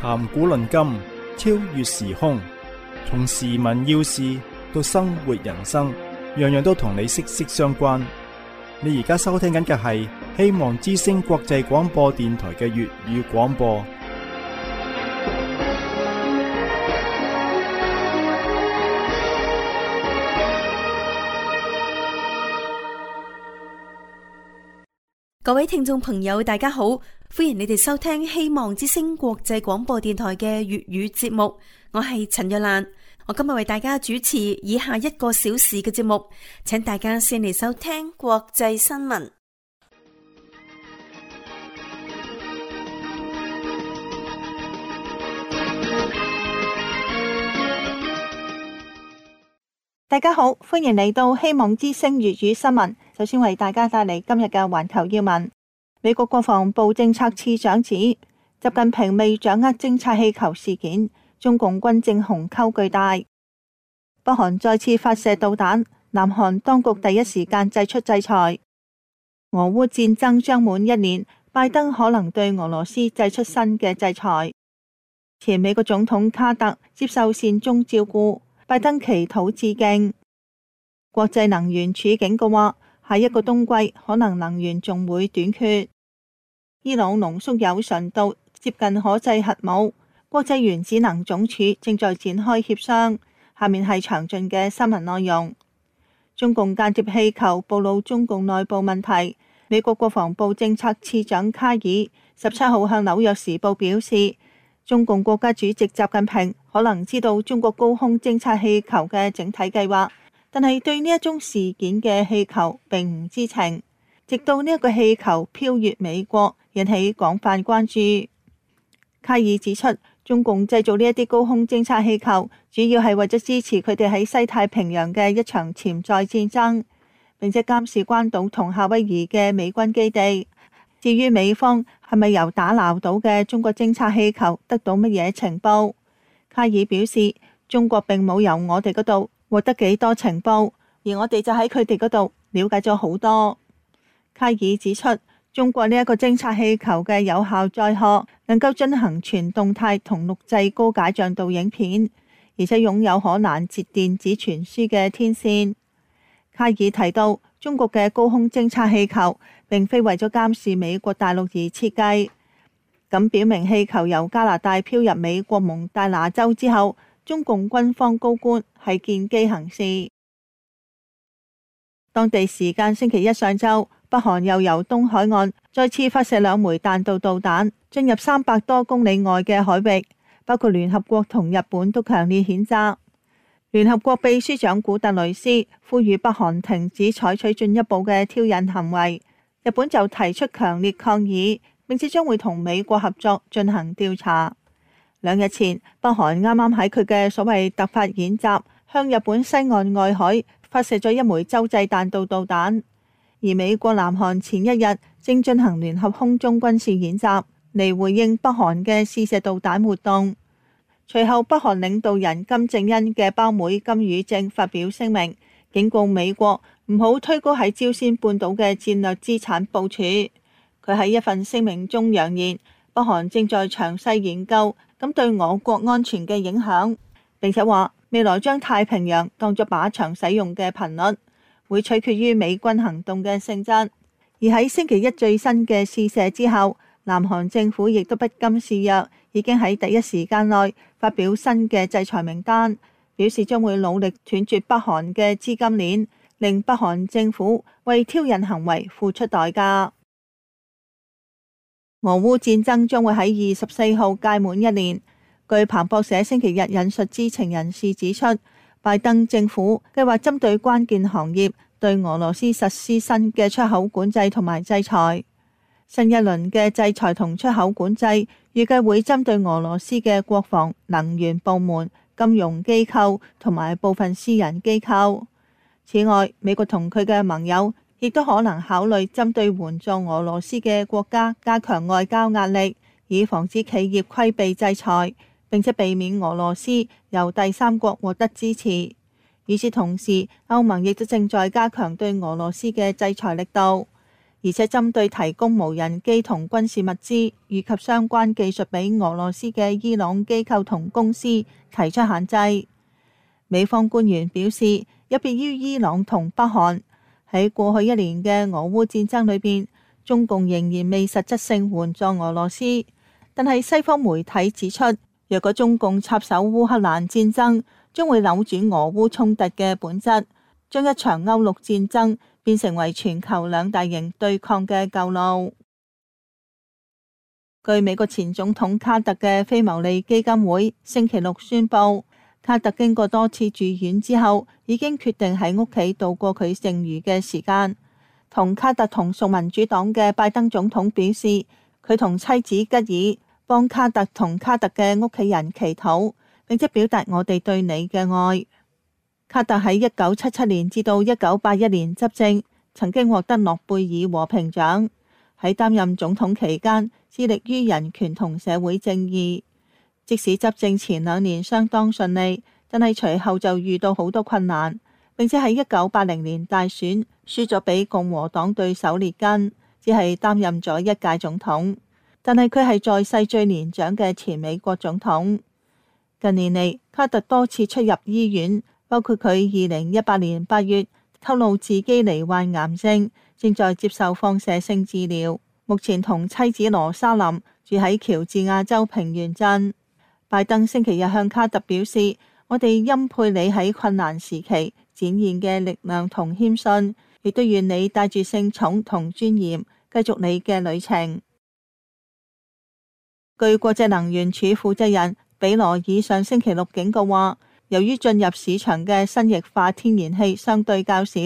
談古論今，超越時空，從時聞要事到生活人生，樣樣都同你息息相關。你而家收聽緊嘅係希望之聲國際廣播電台嘅粵語廣播。各位聽眾朋友，大家好。歡迎你哋收聽希望之聲國際廣播電台嘅粵語節目，我係陳若蘭。我今日為大家主持以下一個小時嘅節目，請大家先嚟收聽國際新聞。大家好，歡迎嚟到希望之聲粵語新聞。首先為大家帶嚟今日嘅環球要聞。美國國防部政策次長指，習近平未掌握偵察氣球事件，中共軍政鴻溝巨大。北韓再次發射導彈，南韓當局第一時間祭出制裁。俄烏戰爭將滿一年，拜登可能對俄羅斯祭出新嘅制裁。前美國總統卡特接受善終照顧，拜登祈禱致敬。國際能源處境嘅話，下一個冬季可能能源仲會短缺。伊朗濃縮鈾純度接近可製核武，國際原子能總署正在展開協商。下面係詳盡嘅新聞內容。中共間諜氣球暴露中共內部問題。美國國防部政策次長卡爾十七號向《紐約時報》表示，中共國家主席習近平可能知道中國高空偵察氣球嘅整體計劃，但係對呢一宗事件嘅氣球並唔知情。直到呢一個氣球飄越美國，引起廣泛關注。卡爾指出，中共製造呢一啲高空偵察氣球，主要係為咗支持佢哋喺西太平洋嘅一場潛在戰爭，並且監視關島同夏威夷嘅美軍基地。至於美方係咪由打撈到嘅中國偵察氣球得到乜嘢情報？卡爾表示，中國並冇由我哋嗰度獲得幾多情報，而我哋就喺佢哋嗰度了解咗好多。卡爾指出，中國呢一個偵察氣球嘅有效載荷能夠進行全動態同錄製高解像度影片，而且擁有可攔截電子傳輸嘅天線。卡爾提到，中國嘅高空偵察氣球並非為咗監視美國大陸而設計，咁表明氣球由加拿大漂入美國蒙大拿州之後，中共軍方高官係見機行事。當地時間星期一上晝。北韓又由東海岸再次發射兩枚彈道導彈，進入三百多公里外嘅海域，包括聯合國同日本都強烈譴責。聯合國秘書長古特雷斯呼籲北韓停止採取進一步嘅挑釁行為。日本就提出強烈抗議，並且將會同美國合作進行調查。兩日前，北韓啱啱喺佢嘅所謂突發演習，向日本西岸外海發射咗一枚洲際彈道導彈。而美國南韓前一日正進行聯合空中軍事演習，嚟回應北韓嘅試射導彈活動。隨後，北韓領導人金正恩嘅胞妹金與正發表聲明，警告美國唔好推高喺朝鮮半島嘅戰略資產部署。佢喺一份聲明中揚言，北韓正在詳細研究咁對我國安全嘅影響。並且話未來將太平洋當作靶場使用嘅頻率。會取決於美軍行動嘅性質，而喺星期一最新嘅試射之後，南韓政府亦都不甘示弱，已經喺第一時間內發表新嘅制裁名單，表示將會努力斷絕北韓嘅資金鏈，令北韓政府為挑釁行為付出代價。俄烏戰爭將會喺二十四號屆滿一年，據彭博社星期日引述知情人士指出，拜登政府計劃針對關鍵行業對俄羅斯實施新嘅出口管制同埋制裁。新一輪嘅制裁同出口管制預計會針對俄羅斯嘅國防、能源部門、金融機構同埋部分私人機構。此外，美國同佢嘅盟友亦都可能考慮針對援助俄羅斯嘅國家加強外交壓力，以防止企業規避制裁。並且避免俄羅斯由第三國獲得支持。與此同時，歐盟亦都正在加強對俄羅斯嘅制裁力度，而且針對提供無人機同軍事物資以及相關技術俾俄羅斯嘅伊朗機構同公司提出限制。美方官員表示，有別於伊朗同北韓，喺過去一年嘅俄烏戰爭裏邊，中共仍然未實質性援助俄羅斯，但係西方媒體指出，若果中共插手烏克蘭戰爭，將會扭轉俄烏衝突嘅本質，將一場歐陸戰爭變成為全球兩大型對抗嘅舊路。據美國前總統卡特嘅非牟利基金會星期六宣布，卡特經過多次住院之後，已經決定喺屋企度過佢剩餘嘅時間。同卡特同屬民主黨嘅拜登總統表示，佢同妻子吉爾。幫卡特同卡特嘅屋企人祈禱，並且表達我哋對你嘅愛。卡特喺一九七七年至到一九八一年執政，曾經獲得諾貝爾和平獎，喺擔任總統期間致力於人權同社會正義，即使執政前兩年相當順利，但係隨後就遇到好多困難，並且喺一九八零年大選輸咗俾共和黨對手列根，只係擔任咗一屆總統。但係佢係在世最年長嘅前美國總統。近年嚟，卡特多次出入醫院，包括佢二零一八年八月透露自己罹患癌症，正在接受放射性治療。目前同妻子羅莎琳住喺喬治亞州平原鎮。拜登星期日向卡特表示，我哋欽佩你喺困難時期展現嘅力量同謙遜，亦都願你帶住聖寵同尊嚴，繼續你嘅旅程。據國際能源署負責人比羅爾上星期六警告話，由於進入市場嘅新液化天然氣相對較少，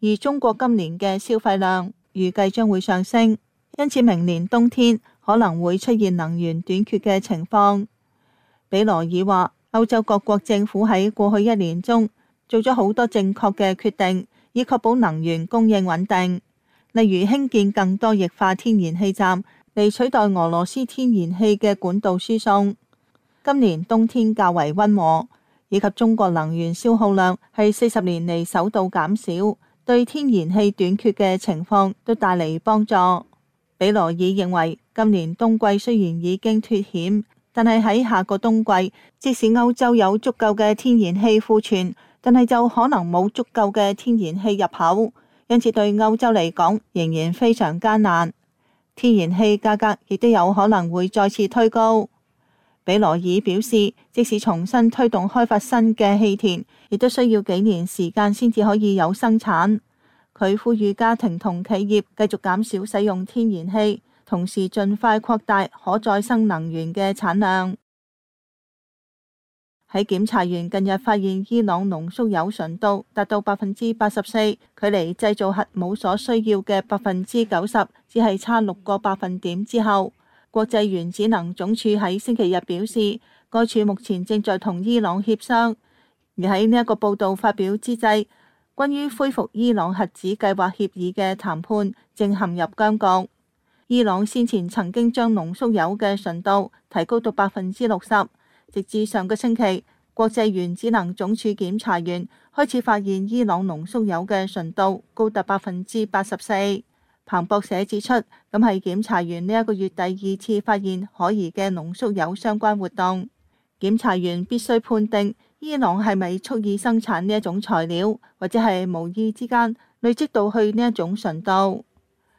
而中國今年嘅消費量預計將會上升，因此明年冬天可能會出現能源短缺嘅情況。比羅爾話，歐洲各國政府喺過去一年中做咗好多正確嘅決定，以確保能源供應穩定，例如興建更多液化天然氣站。嚟取代俄羅斯天然氣嘅管道輸送。今年冬天較為溫和，以及中國能源消耗量係四十年嚟首度減少，對天然氣短缺嘅情況都帶嚟幫助。比羅爾認為，今年冬季雖然已經脫險，但係喺下個冬季，即使歐洲有足夠嘅天然氣庫存，但係就可能冇足夠嘅天然氣入口，因此對歐洲嚟講仍然非常艱難。天然氣價格亦都有可能會再次推高。比羅爾表示，即使重新推動開發新嘅氣田，亦都需要幾年時間先至可以有生產。佢呼籲家庭同企業繼續減少使用天然氣，同時盡快擴大可再生能源嘅產量。喺檢查員近日發現伊朗濃縮鈾純度達到百分之八十四，距離製造核武所需要嘅百分之九十只係差六個百分點之後，國際原子能總署喺星期日表示，該署目前正在同伊朗協商。而喺呢一個報道發表之際，關於恢復伊朗核子計劃協議嘅談判正陷入僵局。伊朗先前曾經將濃縮鈾嘅純度提高到百分之六十。直至上個星期，國際原子能總署檢查員開始發現伊朗濃縮鈾嘅純度高達百分之八十四。彭博社指出，咁係檢查員呢一個月第二次發現可疑嘅濃縮鈾相關活動。檢查員必須判定伊朗係咪蓄意生產呢一種材料，或者係無意之間累積到去呢一種純度。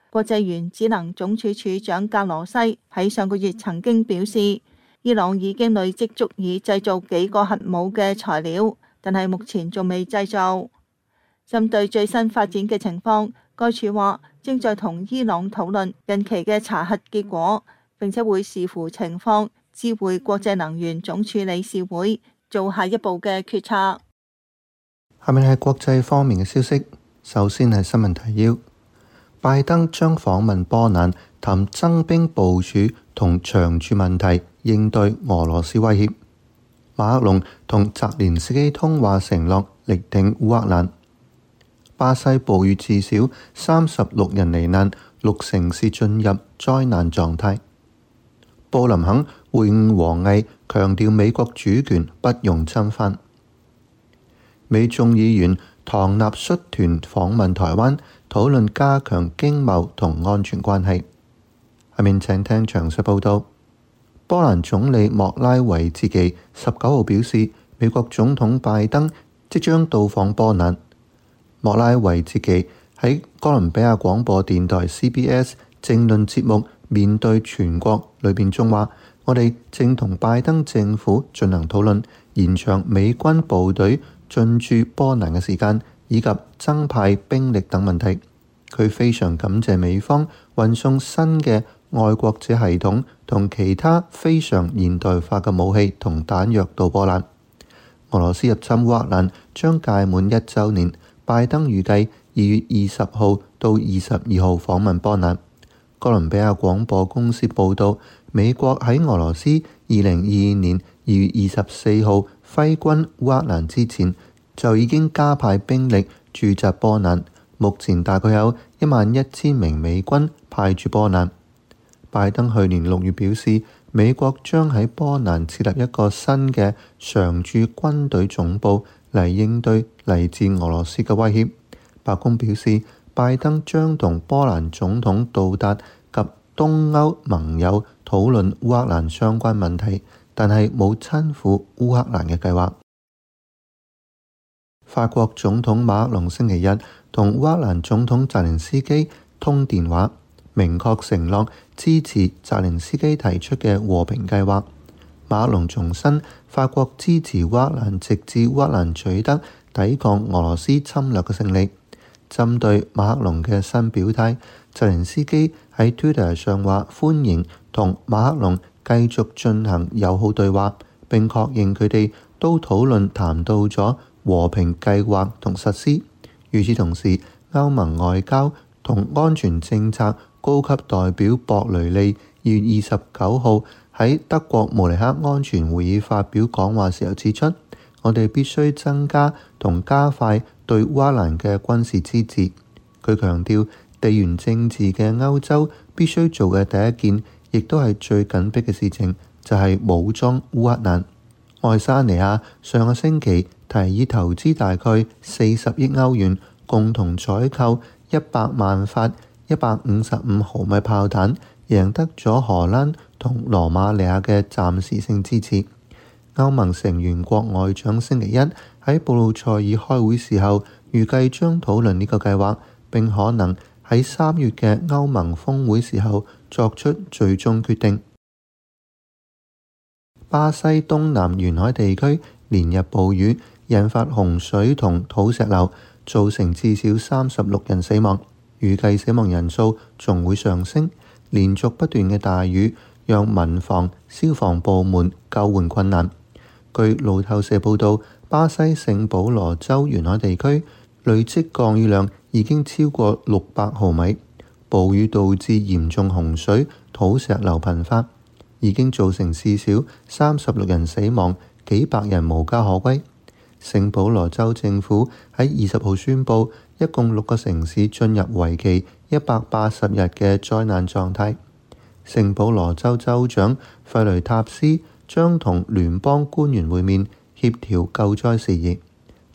國際原子能總署署長格羅西喺上個月曾經表示，伊朗已經累積足以製造幾個核武嘅材料，但係目前仲未製造。針對最新發展嘅情況，該處話正在同伊朗討論近期嘅查核結果，並且會視乎情況，知會國際能源總署理事會做下一步嘅決策。下面係國際方面嘅消息，首先係新聞提要：拜登將訪問波蘭，談增兵部署同長駐問題。應對俄羅斯威脅，馬克龍同澤連斯基通話承諾力,力挺烏克蘭。巴西暴雨至少三十六人罹難，六城市進入災難狀態。布林肯會晤王毅，強調美國主權不容侵犯。美眾議員唐納率團訪問台灣，討論加強經貿同安全關係。下面請聽詳細報道。波蘭總理莫拉維茨基十九號表示，美國總統拜登即將到訪波蘭。莫拉維茨基喺哥倫比亞廣播電台 CBS 政論節目面對全國裏邊仲話：我哋正同拜登政府進行討論，延長美軍部隊進駐波蘭嘅時間，以及增派兵力等問題。佢非常感謝美方運送新嘅。愛國者系統同其他非常現代化嘅武器同彈藥到波蘭。俄羅斯入侵烏克蘭將屆滿一周年，拜登預計二月二十號到二十二號訪問波蘭。哥倫比亞廣播公司報道，美國喺俄羅斯二零二二年二月二十四號揮軍烏克蘭之前，就已經加派兵力駐紮波蘭，目前大概有一萬一千名美軍派駐波蘭。拜登去年六月表示，美國將喺波蘭設立一個新嘅常駐軍隊總部嚟應對嚟自俄羅斯嘅威脅。白宮表示，拜登將同波蘭總統到達及東歐盟友討論烏克蘭相關問題，但係冇親赴烏克蘭嘅計劃。法國總統馬克龍星期一同烏克蘭總統澤連斯基通電話。明確承諾支持澤連斯基提出嘅和平計劃。馬克龍重申法國支持烏克蘭，直至烏克蘭取得抵抗俄羅斯侵略嘅勝利。針對馬克龍嘅新表態，澤連斯基喺 Twitter 上話歡迎同馬克龍繼續進行友好對話，並確認佢哋都討論談到咗和平計劃同實施。與此同時，歐盟外交同安全政策。高級代表博雷利二月二十九號喺德國慕尼黑安全會議發表講話時候指出，我哋必須增加同加快對烏克蘭嘅軍事支持。佢強調，地緣政治嘅歐洲必須做嘅第一件，亦都係最緊迫嘅事情，就係武裝烏克蘭。愛沙尼亞上個星期提議投資大概四十億歐元，共同採購一百萬發一百五十五毫米炮彈，贏得咗荷蘭同羅馬尼亞嘅暫時性支持。歐盟成員國外長星期一喺布魯塞爾開會時候，預計將討論呢個計劃，並可能喺三月嘅歐盟峰會時候作出最終決定。巴西東南沿海地區連日暴雨引發洪水同土石流，造成至少三十六人死亡。預計死亡人數仲會上升，連續不斷嘅大雨讓民防、消防部門救援困難。據路透社報導，巴西聖保羅州沿海地區累積降雨量已經超過六百毫米，暴雨導致嚴重洪水、土石流頻發，已經造成至少三十六人死亡，幾百人無家可歸。聖保羅州政府喺二十號宣布，一共六個城市進入為期一百八十日嘅災難狀態。聖保羅州州長費雷塔斯將同聯邦官員會面，協調救災事宜。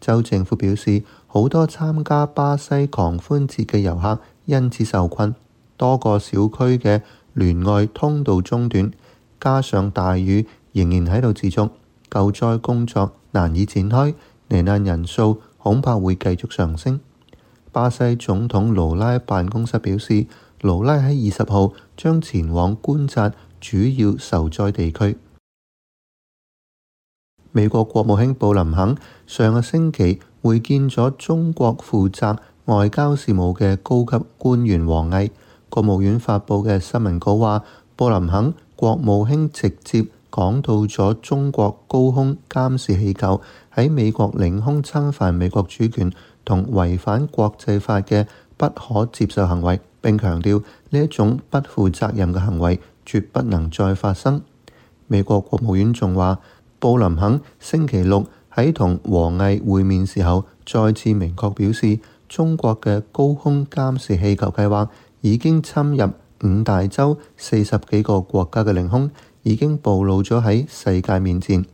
州政府表示，好多參加巴西狂歡節嘅遊客因此受困，多個小區嘅聯外通道中斷，加上大雨仍然喺度持續，救災工作難以展開，罹難人數恐怕會繼續上升。巴西總統盧拉辦公室表示，盧拉喺二十號將前往觀察主要受災地區。美國國務卿布林肯上個星期會見咗中國負責外交事務嘅高級官員王毅。國務院發布嘅新聞稿話，布林肯國務卿直接講到咗中國高空監視氣球喺美國領空侵犯美國主權。同違反國際法嘅不可接受行為，並強調呢一種不負責任嘅行為絕不能再發生。美國國務院仲話，布林肯星期六喺同王毅會面時候，再次明確表示，中國嘅高空監視氣球計劃已經侵入五大洲四十幾個國家嘅領空，已經暴露咗喺世界面前。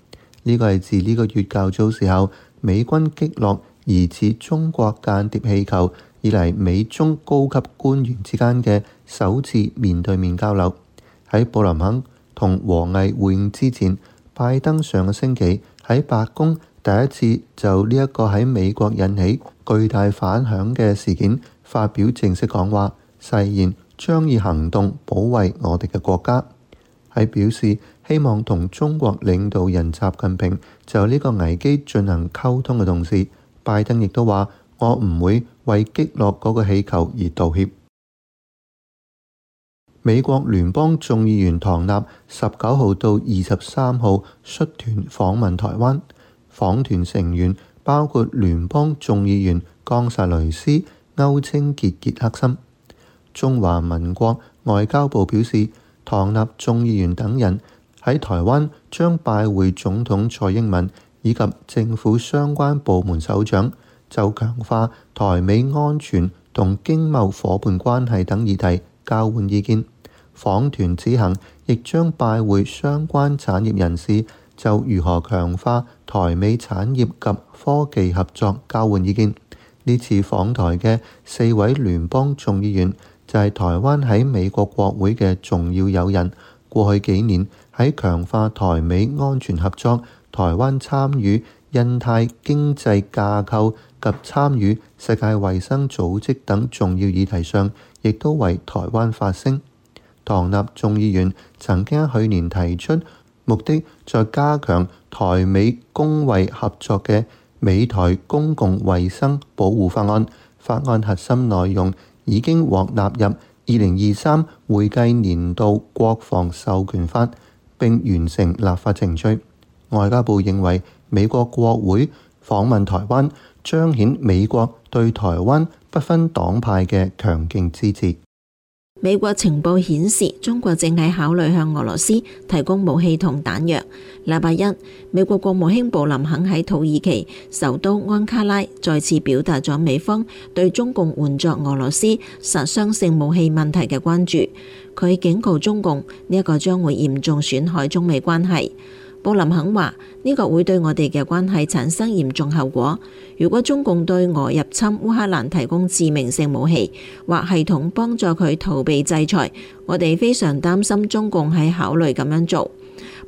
呢個係自呢個月較早時候，美軍擊落而疑似中國間諜氣球以嚟，美中高級官員之間嘅首次面對面交流。喺布林肯同王毅會面之前，拜登上個星期喺白宮第一次就呢一個喺美國引起巨大反響嘅事件發表正式講話，誓言將以行動保衛我哋嘅國家，喺表示希望同中國領導人習近平就呢個危機進行溝通嘅同時。拜登亦都話：我唔會為擊落嗰個氣球而道歉。美國聯邦眾議員唐納十九號到二十三號率團訪問台灣，訪團成員包括聯邦眾議員岡薩雷斯、歐清傑、傑克森。中華民國外交部表示，唐納眾議員等人喺台灣將拜會總統蔡英文。以及政府相關部門首長就強化台美安全同經貿伙伴關係等議題交換意見，訪團此行亦將拜會相關產業人士，就如何強化台美產業及科技合作交換意見。呢次訪台嘅四位聯邦眾議員就係、是、台灣喺美國國會嘅重要友人，過去幾年喺強化台美安全合作。台灣參與印太經濟架構及參與世界衛生組織等重要議題上，亦都為台灣發聲。唐納眾議員曾經去年提出目的，在加強台美公衛合作嘅美台公共衛生保護法案。法案核心內容已經獲納入二零二三會計年度國防授權法，並完成立法程序。外交部認為，美國國會訪問台灣，彰顯美國對台灣不分黨派嘅強勁支持。美國情報顯示，中國正喺考慮向俄羅斯提供武器同彈藥。禮拜一，美國國務卿布林肯喺土耳其首都安卡拉再次表達咗美方對中共援助俄羅斯殺傷性武器問題嘅關注。佢警告中共，呢一個將會嚴重損害中美關係。布林肯話：呢個會對我哋嘅關係產生嚴重後果。如果中共對俄入侵烏克蘭提供致命性武器，或系統幫助佢逃避制裁，我哋非常擔心中共喺考慮咁樣做。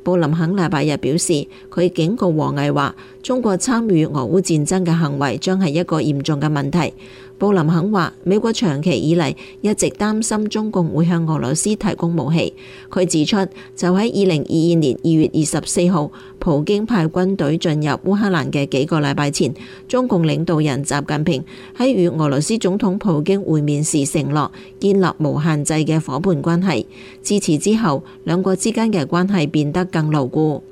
布林肯禮拜日表示，佢警告王毅話：中國參與俄烏戰爭嘅行為將係一個嚴重嘅問題。布林肯話：美國長期以嚟一直擔心中共會向俄羅斯提供武器。佢指出，就喺二零二二年二月二十四號，普京派軍隊進入烏克蘭嘅幾個禮拜前，中共領導人習近平喺與俄羅斯總統普京會面時承諾建立無限制嘅伙伴關係。自此之後，兩國之間嘅關係變得更牢固。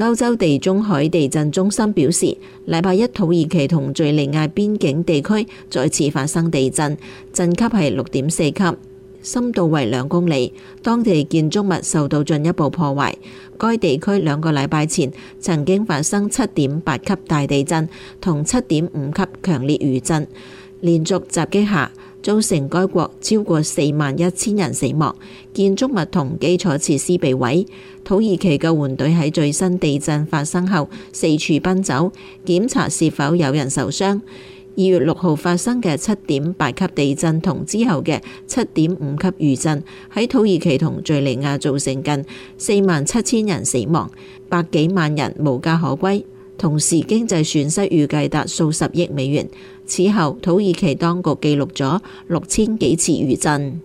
歐洲地中海地震中心表示，禮拜一土耳其同敘利亞邊境地區再次發生地震，震級係六點四級，深度為兩公里，當地建築物受到進一步破壞。該地區兩個禮拜前曾經發生七點八級大地震同七點五級強烈餘震，連續襲擊下。造成該國超過四萬一千人死亡，建築物同基礎設施被毀。土耳其救援隊喺最新地震發生後，四處奔走，檢查是否有人受傷。二月六號發生嘅七點八級地震同之後嘅七點五級餘震，喺土耳其同敘利亞造成近四萬七千人死亡，百幾萬人無家可歸。同時，經濟損失預計達數十億美元。此後，土耳其當局記錄咗六千幾次餘震。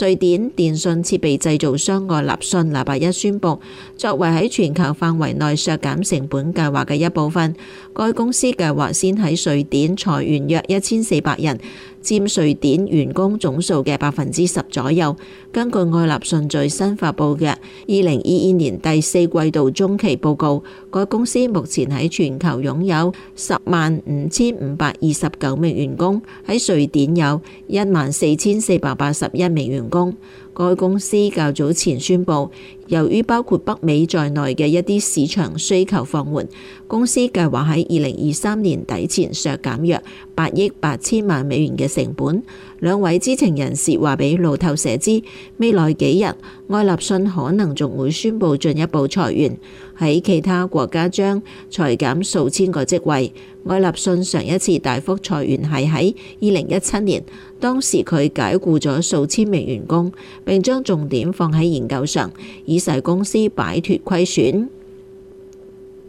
瑞典電信設備製造商愛立信禮拜一宣布，作為喺全球範圍內削減成本計劃嘅一部分，該公司計劃先喺瑞典裁員約一千四百人。佔瑞典員工總數嘅百分之十左右。根據愛立信最新發布嘅二零二二年第四季度中期報告，該公司目前喺全球擁有十萬五千五百二十九名員工，喺瑞典有一萬四千四百八十一名員工。該公司較早前宣布，由於包括北美在內嘅一啲市場需求放緩，公司計劃喺二零二三年底前削減約八億八千萬美元嘅成本。兩位知情人士話俾路透社知，未來幾日愛立信可能仲會宣布進一步裁員。喺其他國家將裁減數千個職位。愛立信上一次大幅裁員係喺二零一七年，當時佢解雇咗數千名員工，並將重點放喺研究上，以使公司擺脱虧損。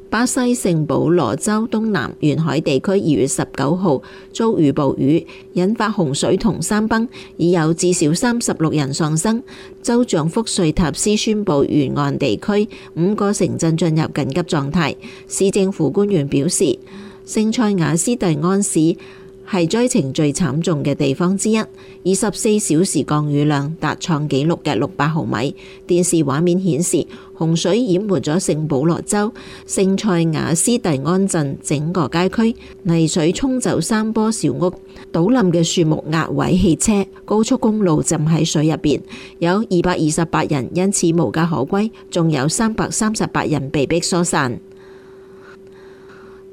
巴西聖保羅州東南沿海地區二月十九號遭遇暴雨，引發洪水同山崩，已有至少三十六人喪生。州長福瑞塔斯宣布沿岸地區五個城鎮進入緊急狀態。市政府官員表示，聖塞瓦斯蒂安市係災情最慘重嘅地方之一，二十四小時降雨量達創紀錄嘅六百毫米。電視畫面顯示。洪水淹沒咗聖保羅州聖塞瓦斯蒂安鎮整個街區，泥水沖走山坡小屋，倒冧嘅樹木壓毀汽車，高速公路浸喺水入邊，有二百二十八人因此無家可歸，仲有三百三十八人被迫疏散。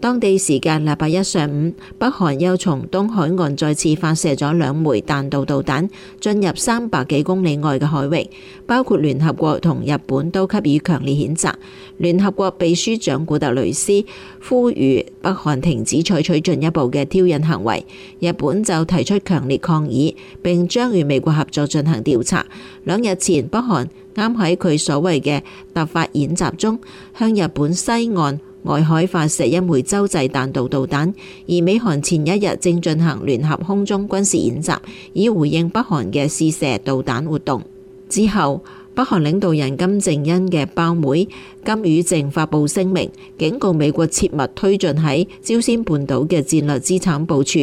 當地時間禮拜一上午，北韓又從東海岸再次發射咗兩枚彈道導彈，進入三百幾公里外嘅海域，包括聯合國同日本都給予強烈譴責。聯合國秘書長古特雷斯呼籲北韓停止採取進一步嘅挑釁行為。日本就提出強烈抗議，並將與美國合作進行調查。兩日前，北韓啱喺佢所謂嘅突發演習中，向日本西岸外海發射一枚洲際彈道導彈，而美韓前一日正進行聯合空中軍事演習，以回應北韓嘅試射導彈活動。之後。北韓領導人金正恩嘅胞妹金與正發布聲明，警告美國切勿推進喺朝鮮半島嘅戰略資產部署。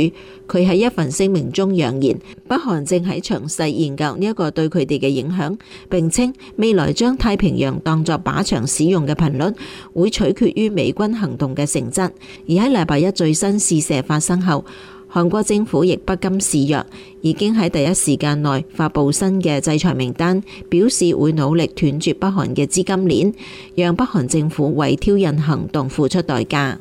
佢喺一份聲明中揚言，北韓正喺詳細研究呢一個對佢哋嘅影響，並稱未來將太平洋當作靶場使用嘅頻率會取決於美軍行動嘅性質。而喺禮拜一最新試射發生後。韓國政府亦不甘示弱，已經喺第一時間內發布新嘅制裁名單，表示會努力斷絕北韓嘅資金鏈，讓北韓政府為挑釁行動付出代價。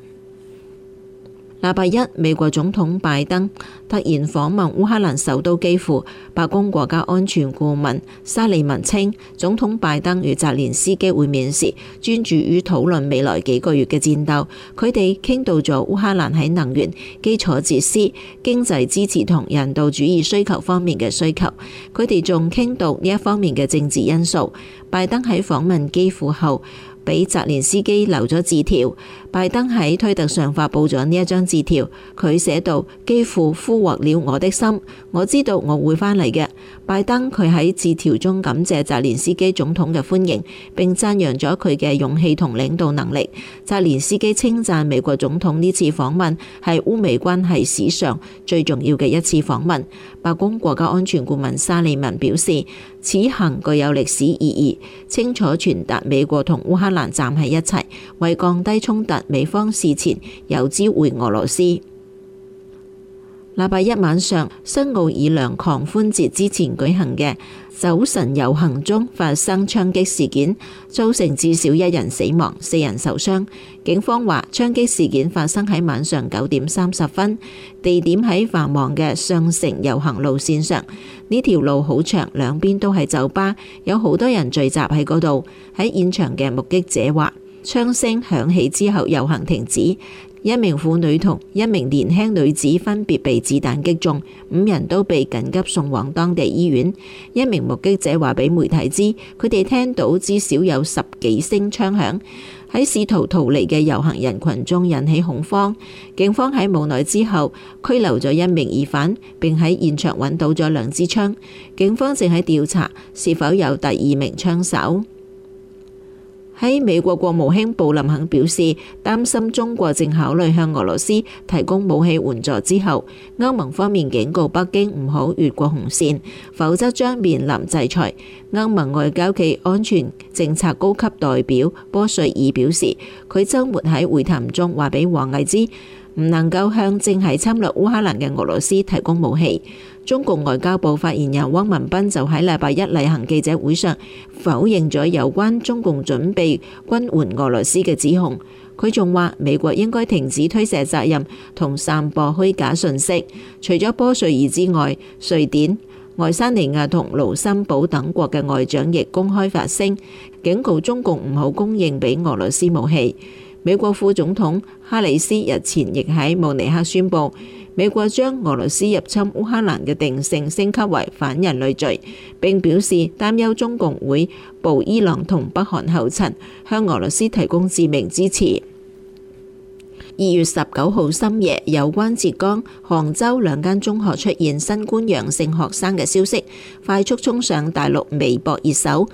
禮拜一，美國總統拜登突然訪問烏克蘭首都基輔。白宮國家安全顧問沙利文稱，總統拜登與澤連斯基會面時，專注於討論未來幾個月嘅戰鬥。佢哋傾到咗烏克蘭喺能源基礎設施、經濟支持同人道主義需求方面嘅需求。佢哋仲傾到呢一方面嘅政治因素。拜登喺訪問基輔後，俾澤連斯基留咗字條。拜登喺推特上發布咗呢一張字條，佢寫道：幾乎俘獲了我的心，我知道我會返嚟嘅。拜登佢喺字條中感謝澤連斯基總統嘅歡迎，並讚揚咗佢嘅勇氣同領導能力。澤連斯基稱讚美國總統呢次訪問係烏美關係史上最重要嘅一次訪問。白宮國家安全顧問沙利文表示，此行具有歷史意義，清楚傳達美國同烏克蘭站喺一齊，為降低衝突。美方事前有知會俄羅斯。禮拜一晚上，新奧爾良狂歡節之前舉行嘅酒神遊行中發生槍擊事件，造成至少一人死亡，四人受傷。警方話，槍擊事件發生喺晚上九點三十分，地點喺繁忙嘅上城遊行路線上。呢條路好長，兩邊都係酒吧，有好多人聚集喺嗰度。喺現場嘅目擊者話。槍聲響起之後，遊行停止。一名婦女同一名年輕女子分別被子彈擊中，五人都被緊急送往當地醫院。一名目擊者話俾媒體知，佢哋聽到至少有十幾聲槍響，喺試圖逃離嘅遊行人群中引起恐慌。警方喺無奈之後拘留咗一名疑犯，並喺現場揾到咗兩支槍。警方正喺調查是否有第二名槍手。喺美國國務卿布林肯表示，擔心中國正考慮向俄羅斯提供武器援助之後，歐盟方面警告北京唔好越過紅線，否則將面臨制裁。歐盟外交暨安全政策高級代表波瑞爾表示，佢週末喺會談中話俾王毅知。唔能夠向正喺侵略烏克蘭嘅俄羅斯提供武器。中共外交部發言人汪文斌就喺禮拜一例行記者會上否認咗有關中共準備軍援俄羅斯嘅指控。佢仲話：美國應該停止推卸責任同散播虛假信息。除咗波瑞爾之外，瑞典、愛沙尼亞同盧森堡等國嘅外長亦公開發聲，警告中共唔好供應俾俄羅斯武器。美國副總統哈里斯日前亦喺慕尼黑宣布，美國將俄羅斯入侵烏克蘭嘅定性升級為反人類罪。並表示擔憂中共會步伊朗同北韓後塵，向俄羅斯提供致命支持。二月十九號深夜，有關浙江杭州兩間中學出現新冠陽性學生嘅消息，快速衝上大陸微博熱搜。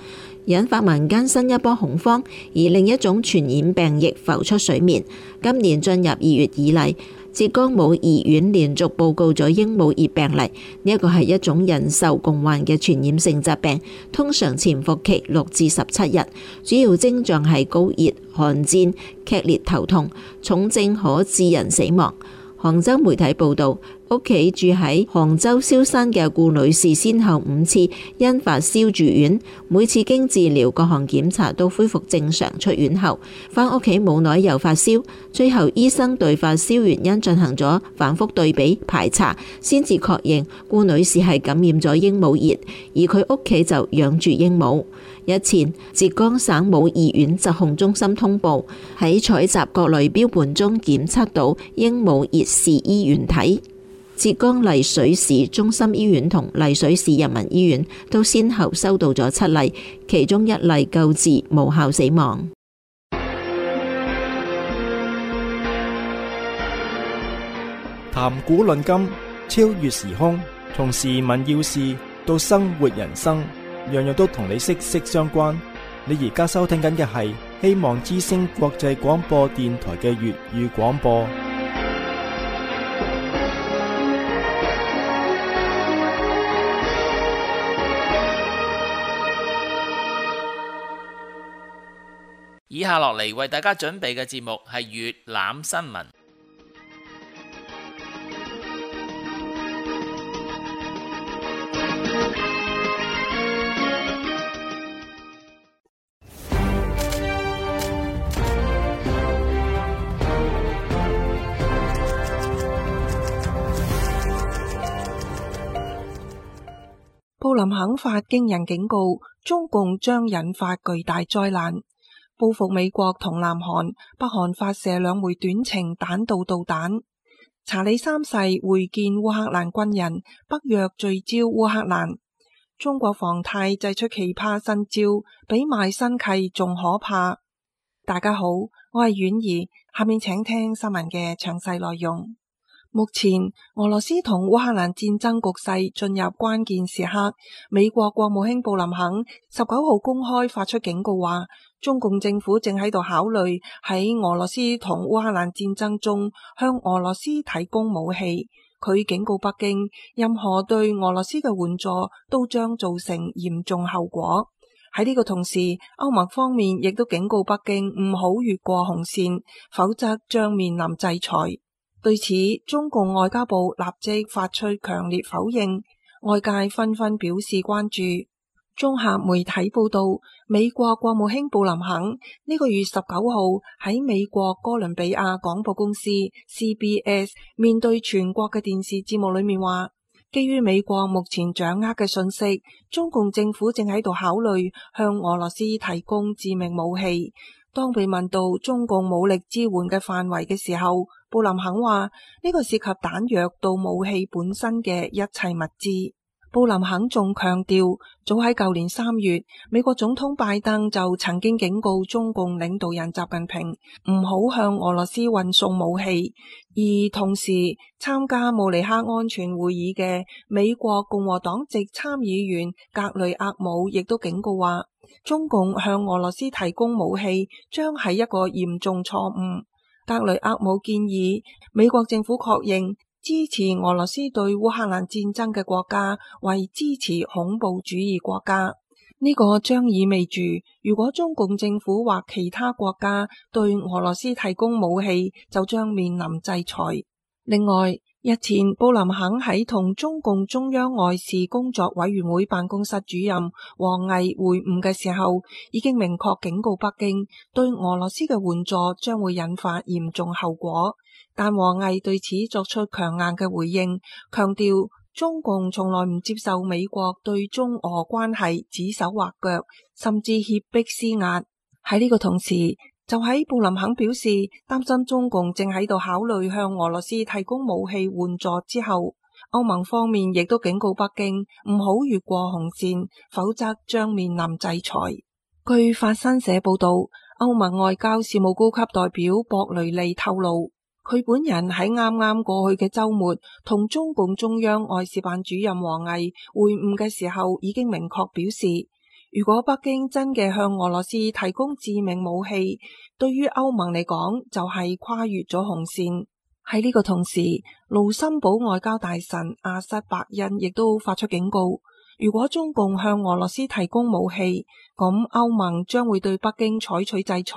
引發民間新一波恐慌，而另一種傳染病亦浮出水面。今年進入二月以嚟，浙江武義縣連續報告咗鸚鵡熱病例。呢一個係一種人獸共患嘅傳染性疾病，通常潛伏期六至十七日，主要症狀係高熱、寒戰、劇烈頭痛，重症可致人死亡。杭州媒體報導，屋企住喺杭州蕭山嘅顧女士，先後五次因發燒住院，每次經治療，各項檢查都恢復正常。出院後，翻屋企冇耐又發燒，最後醫生對發燒原因進行咗反覆對比排查，先至確認顧女士係感染咗鸚鵡熱，而佢屋企就養住鸚鵡。日前，浙江省武義縣疾控中心通報，喺採集各類標本中檢測到鸚鵡熱嗜衣原體。浙江麗水市中心醫院同麗水市人民醫院都先後收到咗七例，其中一例救治無效死亡。談古論今，超越時空，從時聞要事到生活人生，樣樣都同你息息相關。你而家收聽緊嘅係希望之聲國際廣播電台嘅粵語廣播。以下落嚟為大家準備嘅節目係粵覽新聞。林肯發驚人警告，中共將引發巨大災難，報復美國同南韓。北韓發射兩枚短程彈道導彈。查理三世會見烏克蘭軍人，北約聚焦烏克蘭。中國防泰祭出奇葩新招，比賣身契仲可怕。大家好，我係婉兒，下面請聽新聞嘅詳細內容。目前俄羅斯同烏克蘭戰爭局勢進入關鍵時刻，美國國務卿布林肯十九號公開發出警告，話中共政府正喺度考慮喺俄羅斯同烏克蘭戰爭中向俄羅斯提供武器。佢警告北京，任何對俄羅斯嘅援助都將造成嚴重後果。喺呢個同時，歐盟方面亦都警告北京唔好越過紅線，否則將面臨制裁。對此，中共外交部立即發出強烈否認，外界紛紛表示關注。綜合媒體報道，美國國務卿布林肯呢個月十九號喺美國哥倫比亞廣播公司 （CBS） 面對全國嘅電視節目裏面話，基於美國目前掌握嘅信息，中共政府正喺度考慮向俄羅斯提供致命武器。當被問到中共武力支援嘅範圍嘅時候，布林肯話：呢、這個涉及彈藥到武器本身嘅一切物資。布林肯仲強調，早喺舊年三月，美國總統拜登就曾經警告中共領導人習近平唔好向俄羅斯運送武器。而同時，參加慕尼黑安全會議嘅美國共和黨籍參議員格雷厄姆亦都警告話，中共向俄羅斯提供武器將係一個嚴重錯誤。格雷厄姆建議美國政府確認支持俄羅斯對烏克蘭戰爭嘅國家為支持恐怖主義國家。呢個將意味住如果中共政府或其他國家對俄羅斯提供武器，就將面臨制裁。另外。日前，布林肯喺同中共中央外事工作委員會辦公室主任王毅會晤嘅時候，已經明確警告北京對俄羅斯嘅援助將會引發嚴重後果，但王毅對此作出強硬嘅回應，強調中共從來唔接受美國對中俄關係指手畫腳，甚至脅迫施壓。喺呢個同時，就喺布林肯表示擔心中共正喺度考慮向俄羅斯提供武器援助之後，歐盟方面亦都警告北京唔好越過紅線，否則將面臨制裁。據法新社報道，歐盟外交事務高級代表博雷利透露，佢本人喺啱啱過去嘅周末同中共中央外事辦主任王毅會晤嘅時候，已經明確表示。如果北京真嘅向俄羅斯提供致命武器，對於歐盟嚟講就係跨越咗紅線。喺呢個同時，盧森堡外交大臣阿塞伯恩亦都發出警告，如果中共向俄羅斯提供武器，咁歐盟將會對北京採取制裁。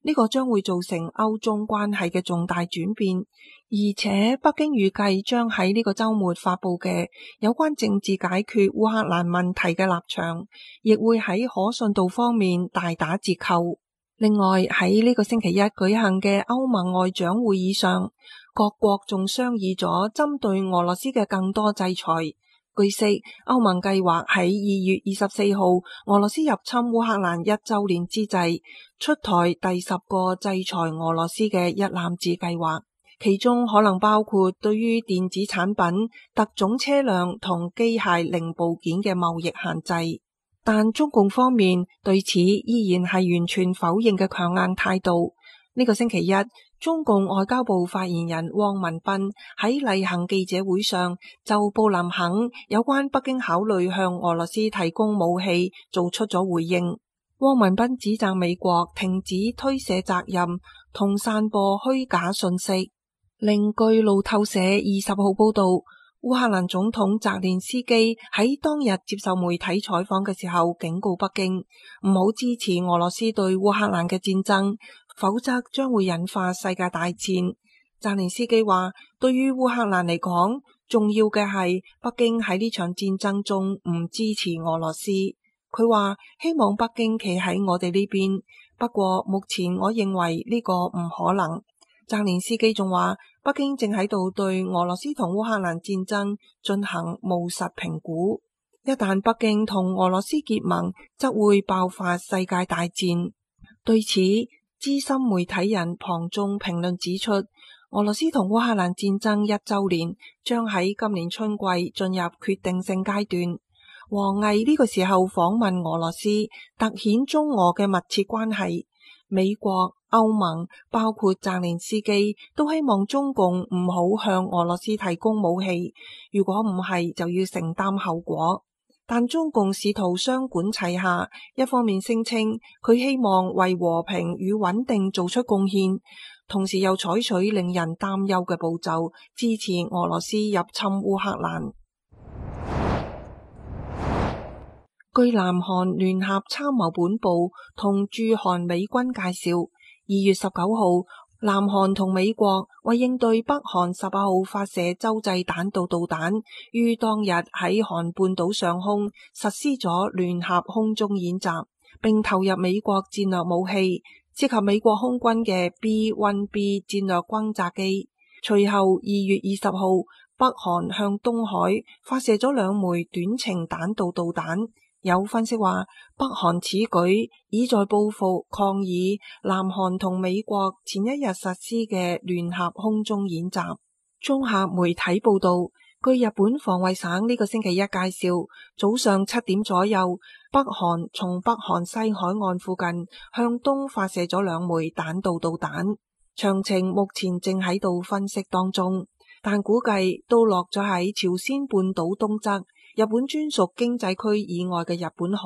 呢個將會造成歐中關係嘅重大轉變。而且，北京預計將喺呢個周末發布嘅有關政治解決烏克蘭問題嘅立場，亦會喺可信度方面大打折扣。另外，喺呢個星期一舉行嘅歐盟外長會議上，各國仲商議咗針對俄羅斯嘅更多制裁。據悉，歐盟計劃喺二月二十四號俄羅斯入侵烏克蘭一周年之際出台第十個制裁俄羅斯嘅一攬子計劃。其中可能包括對於電子產品、特種車輛同機械零部件嘅貿易限制，但中共方面對此依然係完全否認嘅強硬態度。呢、這個星期一，中共外交部發言人汪文斌，喺例行記者會上就布林肯有關北京考慮向俄羅斯提供武器做出咗回應。汪文斌指責美國停止推卸責任同散播虛假信息。另據路透社二十號報道，烏克蘭總統澤連斯基喺當日接受媒體採訪嘅時候，警告北京唔好支持俄羅斯對烏克蘭嘅戰爭，否則將會引發世界大戰。澤連斯基話，對於烏克蘭嚟講，重要嘅係北京喺呢場戰爭中唔支持俄羅斯。佢話，希望北京企喺我哋呢邊，不過目前我認為呢個唔可能。澤連斯基仲話：北京正喺度對俄羅斯同烏克蘭戰爭進行務實評估，一旦北京同俄羅斯結盟，則會爆發世界大戰。對此，資深媒體人龐眾評論指出：俄羅斯同烏克蘭戰爭一周年將喺今年春季進入決定性階段。王毅呢個時候訪問俄羅斯，凸顯中俄嘅密切關係。美國。歐盟包括澤連斯基都希望中共唔好向俄羅斯提供武器，如果唔係就要承擔後果。但中共試圖雙管齊下，一方面聲稱佢希望為和平與穩定做出貢獻，同時又採取令人擔憂嘅步驟，支持俄羅斯入侵烏克蘭。 據南韓聯合參謀本部同駐韓美軍介紹。二月十九號，南韓同美國為應對北韓十八號發射洲際彈道導彈，於當日喺韓半島上空實施咗聯合空中演習，並投入美國戰略武器，涉及美國空軍嘅 B-1B 戰略轟炸機。隨後二月二十號，北韓向東海發射咗兩枚短程彈道導彈。有分析話，北韓此舉已在報復抗議南韓同美國前一日實施嘅聯合空中演習。綜合媒體報道，據日本防衛省呢個星期一介紹，早上七點左右，北韓從北韓西海岸附近向東發射咗兩枚彈道導彈，詳情目前正喺度分析當中，但估計都落咗喺朝鮮半島東側日本專屬經濟區以外嘅日本海。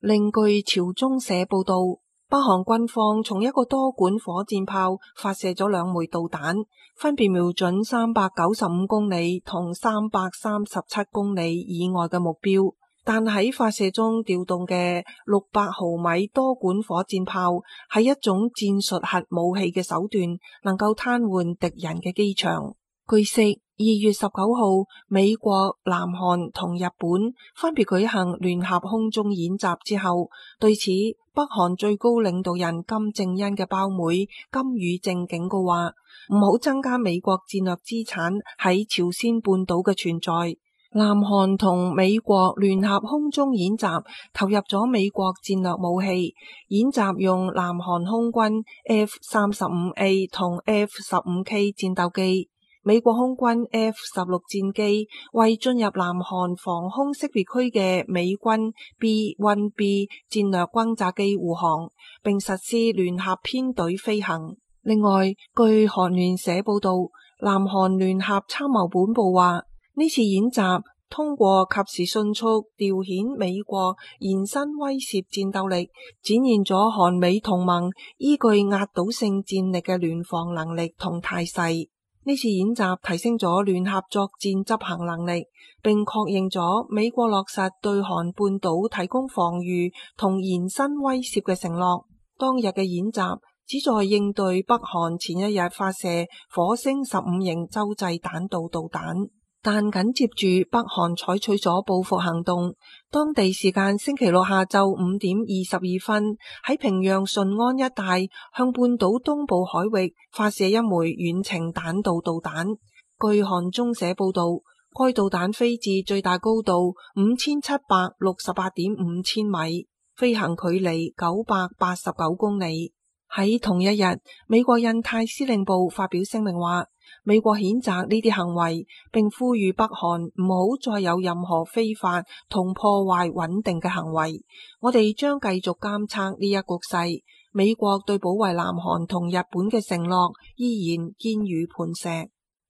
另據朝中社報道，北韓軍方從一個多管火箭炮發射咗兩枚導彈，分別瞄準三百九十五公里同三百三十七公里以外嘅目標。但喺發射中調動嘅六百毫米多管火箭炮係一種戰術核武器嘅手段，能夠癱瘓敵人嘅機場。據悉，二月十九號，美國、南韓同日本分別舉行聯合空中演習之後，對此，北韓最高領導人金正恩嘅胞妹金宇正警告話：唔好增加美國戰略資產喺朝鮮半島嘅存在。南韓同美國聯合空中演習投入咗美國戰略武器，演習用南韓空軍 F 三十五 A 同 F 十五 K 戰鬥機。美國空軍 F 十六戰機為進入南韓防空識別區嘅美軍 B one B 戰略轟炸機護航，並實施聯合編隊飛行。另外，據韓聯社報道，南韓聯合參謀本部話，呢次演習通過及時迅速調遣美國延伸威懾戰鬥力，展現咗韓美同盟依據壓倒性戰力嘅聯防能力同態勢。呢次演習提升咗聯合作戰執行能力，並確認咗美國落實對韓半島提供防禦同延伸威懾嘅承諾。當日嘅演習旨在應對北韓前一日發射火星十五型洲際彈道導彈。但緊接住，北韓採取咗報復行動。當地時間星期六下晝五點二十二分，喺平壤順安一帶向半島東部海域發射一枚遠程彈道導彈。據韓中社報導，該導彈飛至最大高度五千七百六十八點五千米，飛行距離九百八十九公里。喺同一日，美國印太司令部發表聲明話美國譴責呢啲行為，並呼籲北韓唔好再有任何非法同破壞穩定嘅行為，我哋將繼續監測呢一局勢，美國對保衛南韓同日本嘅承諾依然堅如磐石。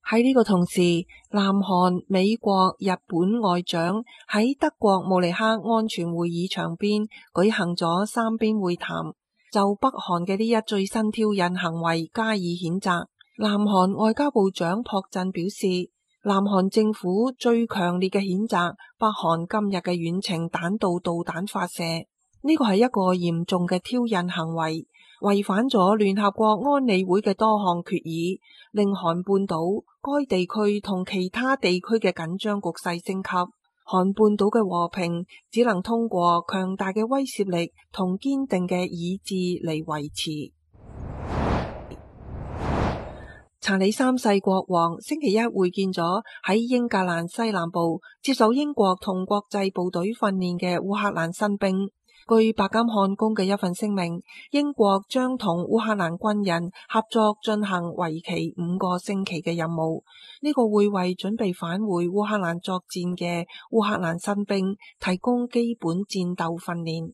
喺呢個同時，南韓美國日本外長喺德國慕尼黑安全會議場邊舉行咗三邊會談。就北韓嘅呢一最新挑釁行為加以譴責，南韓外交部長朴振表示，南韓政府最強烈嘅譴責北韓今日嘅遠程彈道導彈發射，呢個係一個嚴重嘅挑釁行為，違反咗聯合國安理會嘅多項決議，令韓半島、該地區同其他地區嘅緊張局勢升級。韓半島嘅和平只能通過強大嘅威懾力同堅定嘅意志嚟維持。 查理三世國王星期一會見咗喺英格蘭西南部接受英國同國際部隊訓練嘅烏克蘭新兵。據白金漢宮嘅一份聲明，英國將同烏克蘭軍人合作進行為期五個星期嘅任務。呢個會為準備返回烏克蘭作戰嘅烏克蘭新兵提供基本戰鬥訓練。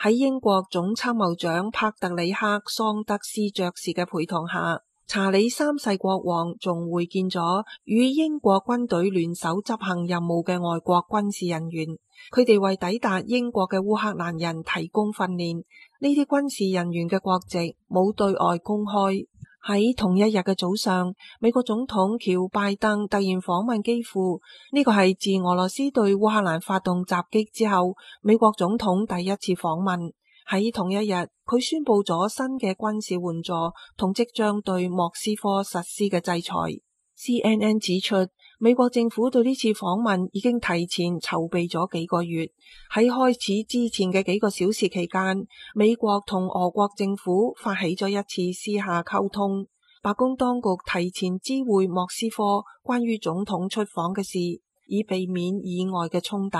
喺英國總參謀長帕特里克·桑德斯爵士嘅陪同下。查理三世國王仲會見咗與英國軍隊聯手執行任務嘅外國軍事人員，佢哋為抵達英國嘅烏克蘭人提供訓練。呢啲軍事人員嘅國籍冇對外公開。喺同一日嘅早上，美國總統喬拜登突然訪問基輔，呢個係自俄羅斯對烏克蘭發動襲擊之後，美國總統第一次訪問。喺同一日，佢宣佈咗新嘅軍事援助同即將對莫斯科實施嘅制裁。CNN 指出，美國政府對呢次訪問已經提前籌備咗幾個月。喺開始之前嘅幾個小時期間，美國同俄國政府發起咗一次私下溝通。白宮當局提前知會莫斯科關於總統出訪嘅事，以避免意外嘅衝突。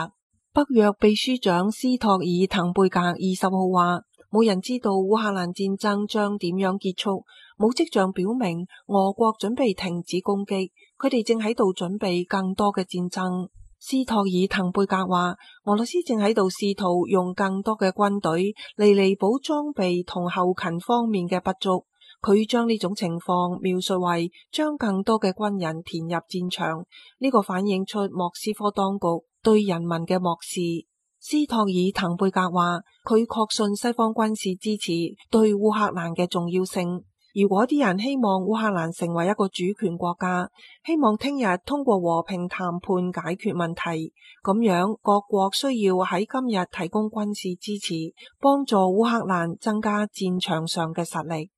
北約秘書長斯托爾滕貝格二十號話，冇人知道烏克蘭戰爭將點樣結束，冇跡象表明俄國準備停止攻擊，佢哋正喺度準備更多嘅戰爭。斯托爾滕貝格話，俄羅斯正喺度試圖用更多嘅軍隊嚟彌補裝備同後勤方面嘅不足。佢將呢種情況描述為將更多嘅軍人填入戰場，呢個反映出莫斯科當局。對人民嘅漠視，斯托爾滕貝格話：佢確信西方軍事支持對烏克蘭嘅重要性。如果啲人希望烏克蘭成為一個主權國家，希望聽日通過和平談判解決問題，咁樣各國需要喺今日提供軍事支持，幫助烏克蘭增加戰場上嘅實力。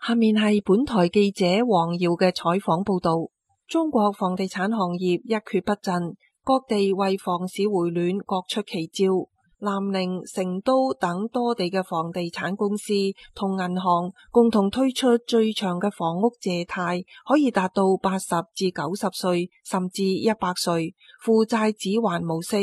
下面係本台記者王耀嘅採訪報道。中國房地產行業一蹶不振，各地為房市回暖各出奇招。南寧、成都等多地嘅房地產公司同銀行共同推出最長嘅房屋借貸，可以達到八十至九十歲，甚至一百歲負債子還模式。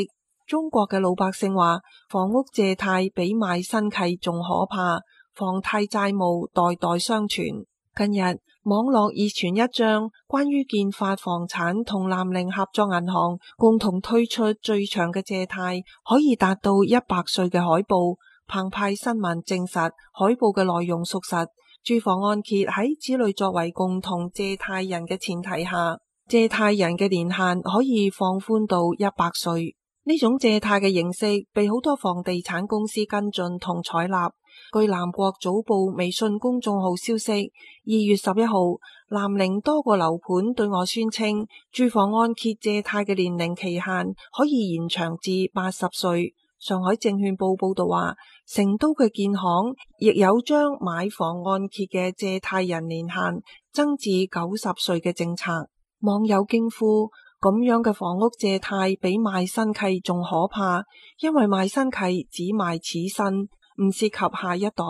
中國嘅老百姓話，房屋借貸比賣身契仲可怕，房貸債務代代相傳。近日，網絡已傳一張關於建發房產同南寧合作銀行共同推出最長嘅借貸可以達到一百歲嘅海報。澎湃新聞證實海報嘅內容屬實。住房按揭喺子女作為共同借貸人嘅前提下，借貸人嘅年限可以放寬到一百歲。呢種借貸嘅形式被好多房地產公司跟進同採納。據南國早報微信公眾號消息，二月十一號，南寧多個樓盤對外宣稱，住房按揭借貸嘅年齡期限可以延長至八十歲。上海證券報報道話，成都嘅建行亦有將買房按揭嘅借貸人年限增至九十歲嘅政策。網友驚呼：咁樣嘅房屋借貸比賣身契仲可怕，因為賣身契只賣此身。唔涉及下一代。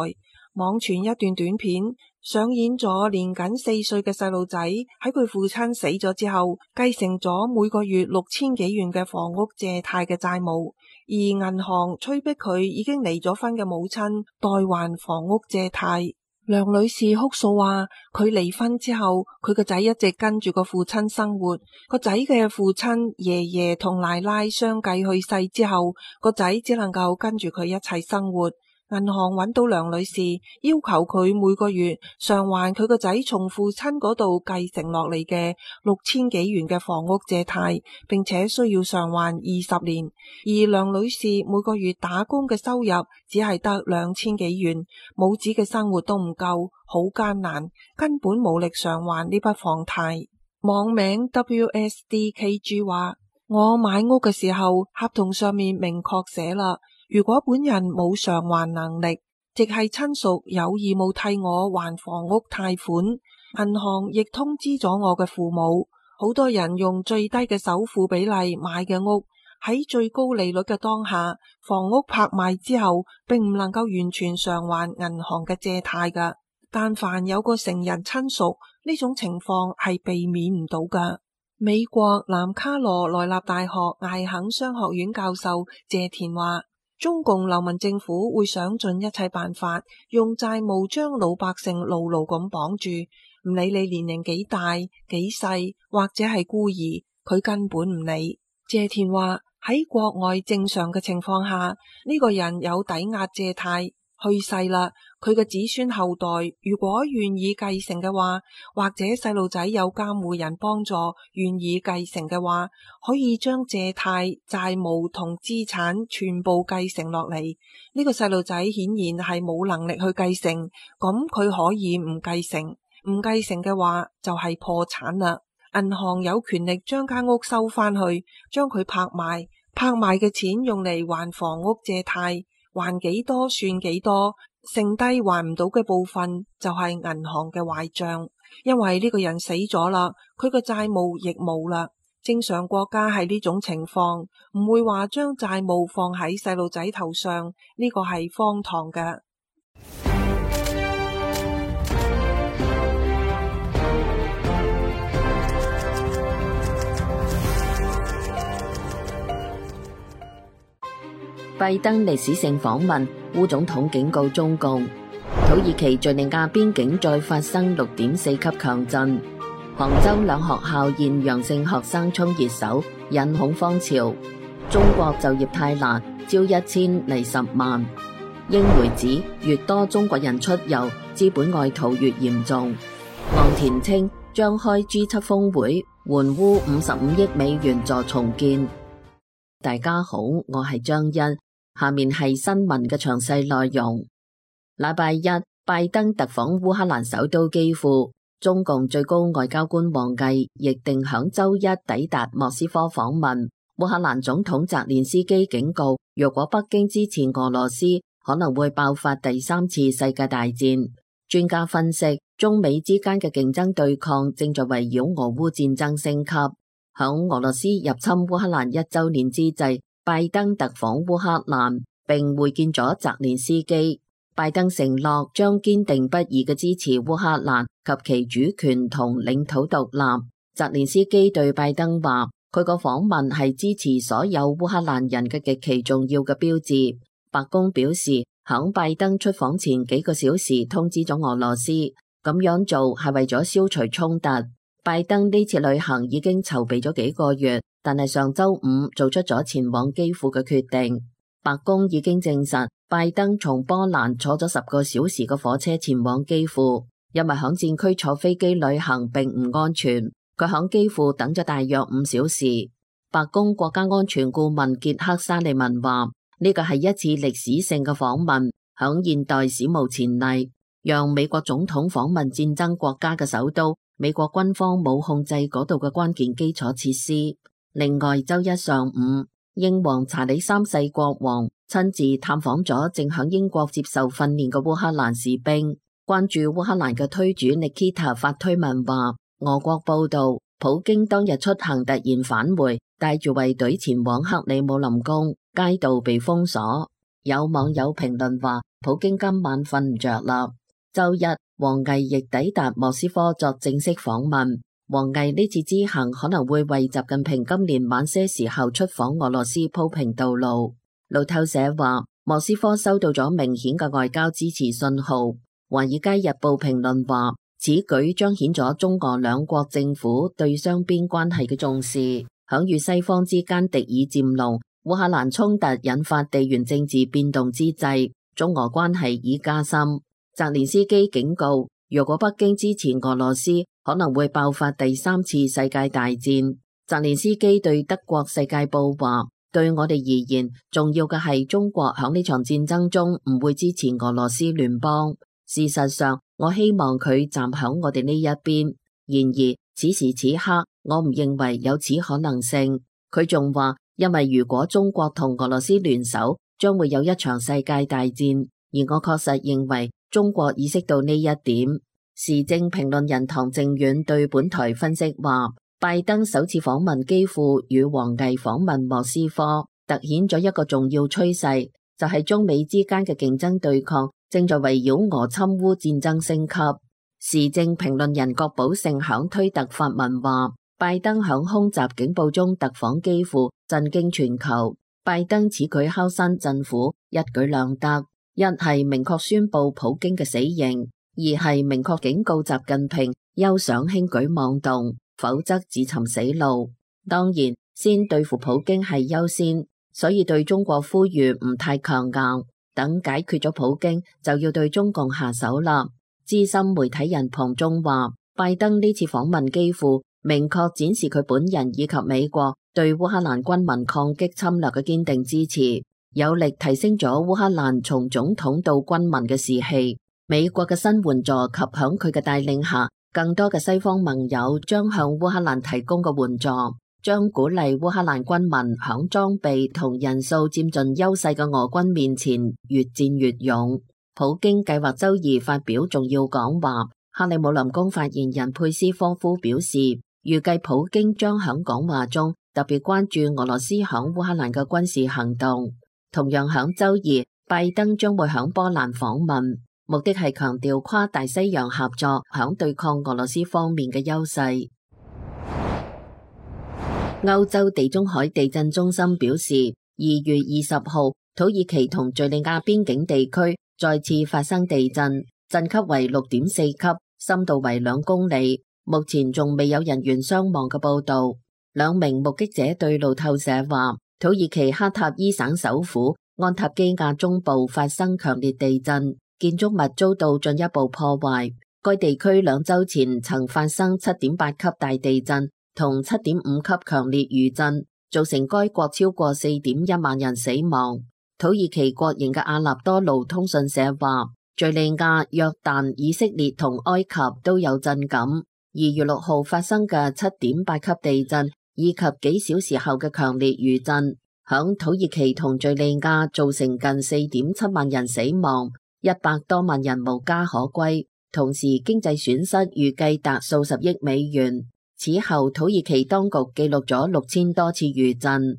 網傳一段短片上演咗，年僅四歲嘅細路仔喺佢父親死咗之後，繼承咗每個月六千幾元嘅房屋借貸嘅債務，而銀行催逼佢已經離咗婚嘅母親代還房屋借貸。梁女士哭訴話，佢離婚之後，佢個仔一直跟住個父親生活。個仔嘅父親爺爺同奶奶相繼去世之後，個仔只能夠跟住佢一齊生活。銀行揾到梁女士，要求佢每個月償還佢個仔從父親嗰度繼承落嚟嘅六千幾元嘅房屋借貸，並且需要償還二十年。而梁女士每個月打工嘅收入只係得兩千幾元，母子嘅生活都唔夠，好艱難，根本冇力償還呢筆房貸。網名 wsdkg 話：我買屋嘅時候，合同上面明確寫啦。如果本人冇償還能力，直系親屬有義務替我還房屋貸款。銀行亦通知咗我嘅父母。好多人用最低嘅首付比例買嘅屋，喺最高利率嘅當下，房屋拍賣之後，並唔能夠完全償還銀行嘅借貸噶，但凡有個成人親屬，呢種情況係避免唔到噶。美國南卡羅來納大學艾肯商學院教授謝田話。中共流氓政府會想盡一切辦法，用債務將老百姓牢牢咁綁住，唔理你年齡幾大幾細，或者係孤兒，佢根本唔理。謝田話，喺國外正常嘅情況下，呢、這個人有抵押借貸。去世啦，佢嘅子孫後代如果願意繼承嘅話，或者細路仔有監護人幫助願意繼承嘅話，可以將借貸債務同資產全部繼承落嚟。呢個細路仔顯然係冇能力去繼承，咁佢可以唔繼承。唔繼承嘅話就係破產啦，銀行有權力將間屋收翻去，將佢拍賣，拍賣嘅錢用嚟還房屋借貸。還幾多算幾多，剩低還唔到嘅部分就係銀行嘅壞賬。因為呢個人死咗啦，佢個債務亦冇啦。正常國家係呢種情況唔會話將債務放喺細路仔頭上，呢個係荒唐嘅。拜登歷史性訪問，烏總統警告中共；土耳其敘利亞邊境再發生六點四級強震；杭州兩學校現陽性學生衝熱搜，引恐慌潮；中國就業太難，招一千嚟十萬；英媒指越多中國人出遊，資本外逃越嚴重；岸田稱將開 G 七峰會，援烏五十五億美元助重建。大家好，我係張欣。下面係新聞嘅詳細內容。禮拜一，拜登突訪烏克蘭首都基輔，中共最高外交官王毅亦定響周一抵達莫斯科訪問。烏克蘭總統澤連斯基警告，若果北京支持俄羅斯，可能會爆發第三次世界大戰。專家分析，中美之間嘅競爭對抗正在圍繞俄烏戰爭升級。響俄羅斯入侵烏克蘭一周年之際。拜登特訪烏克蘭，並會見咗澤連斯基。拜登承諾將堅定不移嘅，支持烏克蘭及其主權同領土獨立。澤連斯基對拜登話：佢個訪問係支持所有烏克蘭人嘅極其重要嘅標誌。白宮表示，喺拜登出訪前幾個小時通知咗俄羅斯，咁樣做係為咗消除衝突。拜登呢次旅行已經籌備咗幾個月，但係上周五做出咗前往基輔嘅決定。白宮已經證實，拜登從波蘭坐咗十個小時嘅火車前往基輔，因為響戰區坐飛機旅行並唔安全。佢響基輔等咗大約五小時。白宮國家安全顧問傑克沙利文話：呢個係一次歷史性嘅訪問，響現代史無前例，讓美國總統訪問戰爭國家嘅首都。美國軍方冇控制嗰度嘅關鍵基礎設施。另外，周一上午，英皇查理三世國王親自探訪咗正響英國接受訓練嘅烏克蘭士兵。關注烏克蘭嘅推主 Nikita 發推文話：俄國報道，普京當日出行突然返回，帶住衛隊前往克里姆林宮，街道被封鎖。有網友評論話：普京今晚瞓唔着啦。周一，王毅亦抵達莫斯科作正式訪問。王毅呢次之行可能會為習近平今年晚些時候出訪俄羅斯鋪平道路。路透社話，莫斯科收到咗明顯嘅外交支持信號。華爾街日報評論話，此舉彰顯咗中俄兩國政府對雙邊關係嘅重視。響與西方之間敵意漸濃、烏克蘭衝突引發地緣政治變動之際，中俄關係已加深。澤連斯基警告：如果北京支持俄羅斯，可能會爆發第三次世界大戰。澤連斯基對德國《世界報》話：對我哋而言，重要嘅係中國響呢場戰爭中唔會支持俄羅斯聯邦。事實上，我希望佢站響我哋呢一邊。然而此時此刻，我唔認為有此可能性。佢仲話：因為如果中國同俄羅斯聯手，將會有一場世界大戰。而我確實認為。中國意識到呢一點。時政評論人唐靖遠對本台分析話：拜登首次訪問基輔與王毅訪問莫斯科，凸顯咗一個重要趨勢，就係、是、中美之間嘅競爭對抗正在圍繞俄侵烏戰爭升級。時政評論人郭寶勝響推特發文話：拜登響空襲警報中特訪基輔，震驚全球。拜登此舉敲山震虎，一舉兩得。一係明確宣布普京嘅死刑，二係明確警告習近平休想輕舉妄動，否則自尋死路。當然，先對付普京係優先，所以對中國呼籲唔太強硬。等解決咗普京，就要對中共下手啦。資深媒體人龐中華話：拜登呢次訪問幾乎明確展示佢本人以及美國對烏克蘭軍民抗擊侵略嘅堅定支持。有力提升咗烏克蘭從總統到軍民嘅士氣。美國嘅新援助及響佢嘅帶領下，更多嘅西方盟友將向烏克蘭提供嘅援助，將鼓勵烏克蘭軍民響裝備同人數佔盡優勢嘅俄軍面前越戰越勇。普京計劃周二發表重要講話。克里姆林宮發言人佩斯科夫表示，預計普京將響講話中特別關注俄羅斯響烏克蘭嘅軍事行動。同樣響周二，拜登將會響波蘭訪問，目的係強調跨大西洋合作響對抗俄羅斯方面嘅優勢。歐洲地中海地震中心表示，二月二十號土耳其同敘利亞邊境地區再次發生地震，震級為六點四級，深度為兩公里，目前仲未有人員傷亡嘅報道。兩名目擊者對路透社話。土耳其哈塔伊省首府安塔基亞中部發生強烈地震，建築物遭到進一步破壞。該地區兩週前曾發生七點八級大地震同七點五級強烈餘震，造成該國超過四點一萬人死亡。土耳其國營嘅阿納多盧通訊社話，敘利亞、約旦、以色列同埃及都有震感。二月六號發生嘅七點八級地震。以及幾小時後嘅強烈餘震，響土耳其同敘利亞造成近四點七萬人死亡，一百多萬人無家可歸，同時經濟損失預計達數十億美元。此後，土耳其當局記錄咗六千多次餘震。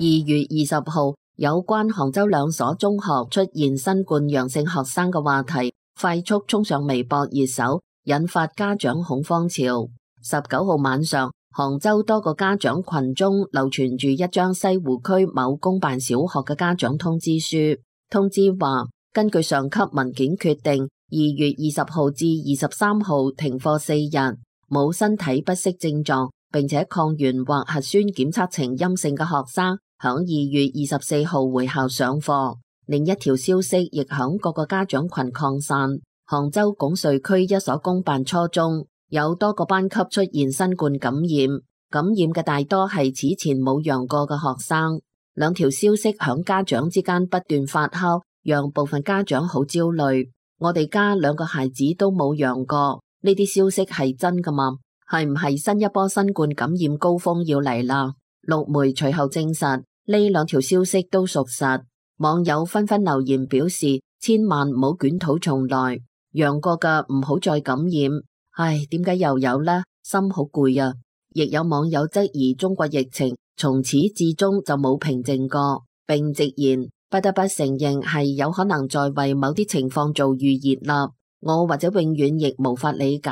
二月二十號，有關杭州兩所中學出現新冠陽性學生嘅話題，快速衝上微博熱搜，引發家長恐慌潮。十九號晚上，杭州多個家長群中流傳住一張西湖區某公辦小學嘅家長通知書，通知話根據上級文件決定，二月二十號至二十三號停課四日，冇身體不適症狀並且抗原或核酸檢測呈陰性嘅學生，響二月二十四號回校上課。另一條消息亦響各個家長群擴散，杭州拱墅區一所公辦初中。有多個班級出現新冠感染，感染嘅大多係此前冇陽過嘅學生。兩條消息響家長之間不斷發酵，讓部分家長好焦慮。我哋家兩個孩子都冇陽過，呢啲消息係真噶嘛？係唔係新一波新冠感染高峰要嚟啦？陸媒隨後證實呢兩條消息都屬實，網友紛紛留言表示：千萬唔好捲土重來，陽過嘅唔好再感染。唉，點解又有呢？心好攰啊！亦有網友質疑中國疫情從始至終就冇平靜過，並直言不得不承認係有可能在為某啲情況做預熱啦。我或者永遠亦無法理解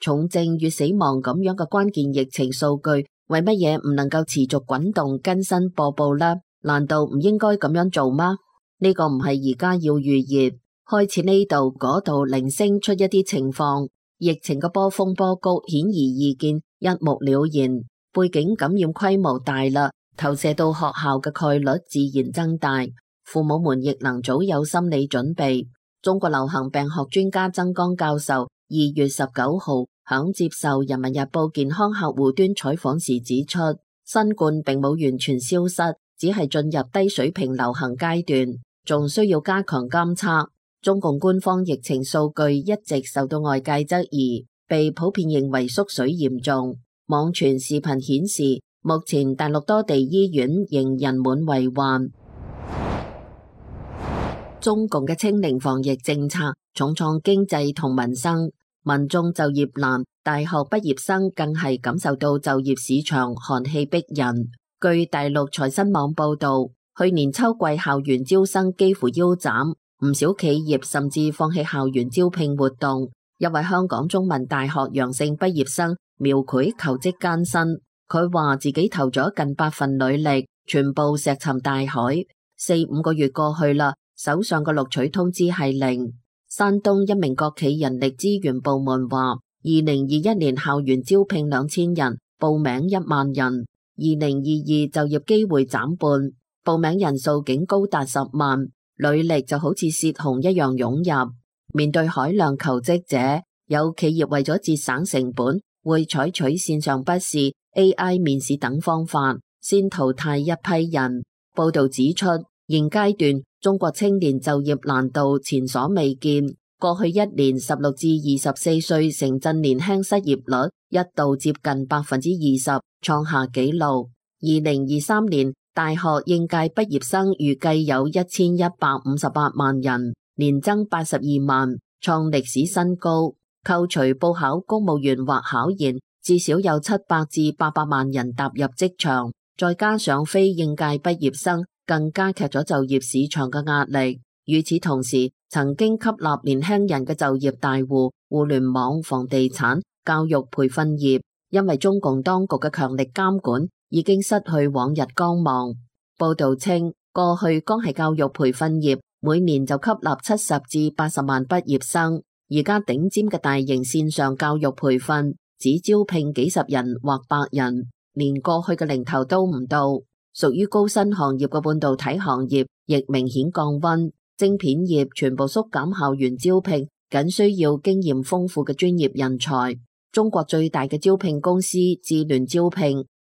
重症與死亡咁樣嘅關鍵疫情數據為乜嘢唔能夠持續滾動更新播報呢？難道唔應該咁樣做嗎？呢個唔係而家要預熱，開始呢度嗰度零星出一啲情況。疫情嘅波峰波谷顯而易見，一目了然。背景感染規模大啦，投射到學校嘅概率自然增大。父母們亦能早有心理準備。中國流行病學專家曾光教授二月十九號響接受《人民日報》健康客戶端採訪時指出，新冠並冇完全消失，只係進入低水平流行階段，仲需要加強監測。中共官方疫情數據一直受到外界質疑，被普遍認為縮水嚴重。網傳視頻顯示，目前大陸多地醫院仍人滿為患。中共嘅清零防疫政策重創經濟同民生，民眾就業難，大學畢業生更係感受到就業市場寒氣逼人。據大陸財新網報道，去年秋季校園招生幾乎腰斬。唔少企業甚至放棄校園招聘活動。一位香港中文大學應屆畢業生描繪求職艱辛，佢話自己投咗近百份履歷，全部石沉大海。四五個月過去啦，手上嘅錄取通知係零。山東一名國企人力資源部門話：二零二一年校園招聘兩千人，報名一萬人；二零二二就業機會斬半，報名人數竟高達十萬。履歷就好似泄洪一樣湧入，面對海量求職者，有企業為咗節省成本，會採取線上筆試、A.I. 面試等方法，先淘汰一批人。報道指出，現階段中國青年就業難度前所未見，過去一年十六至二十四歲城鎮年輕失業率一度接近百分之二十，創下紀錄。二零二三年。大學應屆畢業生預計有一千一百五十八萬人，年增八十二萬，創歷史新高。扣除報考公務員或考研，至少有七百至八百萬人踏入職場。再加上非應屆畢業生，更加劇咗就業市場嘅壓力。與此同時，曾經吸納年輕人嘅就業大戶，互聯網、房地產、教育培訓業，因為中共當局嘅強力監管。已經失去往日光芒。報道稱，過去光係教育培訓業，每年就吸納七十至八十萬畢業生，而家頂尖嘅大型線上教育培訓只招聘幾十人或百人，連過去嘅零頭都唔到。屬於高新行業嘅半導體行業亦明顯降溫，晶片業全部縮減校園招聘，僅需要經驗豐富嘅專業人才。中國最大嘅招聘公司智聯招聘。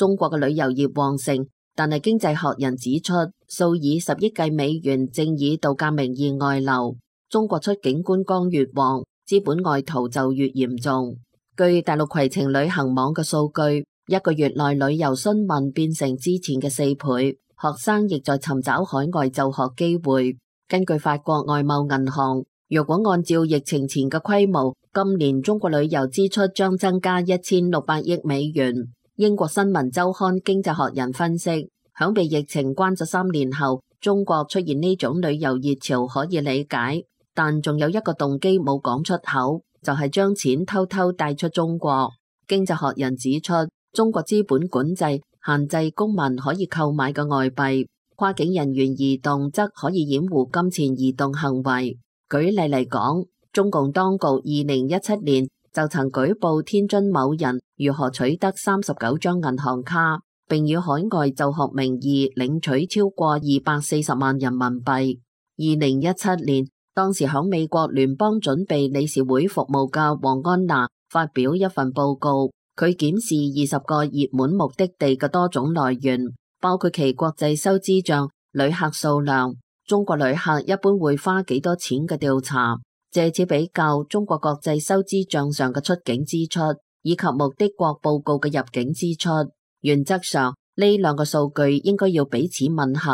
中國嘅旅遊業旺盛，但係經濟學人指出，數以十億計美元正以度假名義外流。中國出境觀光越旺，資本外逃就越嚴重。據大陸攜程旅行網嘅數據，一個月內旅遊詢問變成之前嘅四倍，學生亦在尋找海外就學機會。根據法國外貿銀行，若果按照疫情前嘅規模，今年中國旅遊支出將增加一千六百億美元。英國新聞周刊經濟學人分析，響被疫情關咗三年後，中國出現呢種旅遊熱潮，可以理解，但仲有一個動機冇講出口，就係將錢偷偷帶出中國。經濟學人指出，中國資本管制限制公民可以購買嘅外幣，跨境人員移動則可以掩護金錢移動行為。舉例嚟講，中共當局二零一七年就曾舉報天津某人如何取得三十九張銀行卡，並以海外就學名義領取超過二百四十萬人民幣。二零一七年，當時響美國聯邦準備理事會服務嘅王安娜發表一份報告，佢檢視二十個熱門目的地嘅多種來源，包括其國際收支賬、旅客數量、中國旅客一般會花幾多錢嘅調查。借此比較中國國際收支賬上嘅出境支出，以及目的國報告嘅入境支出，原則上呢兩個數據應該要彼此吻合。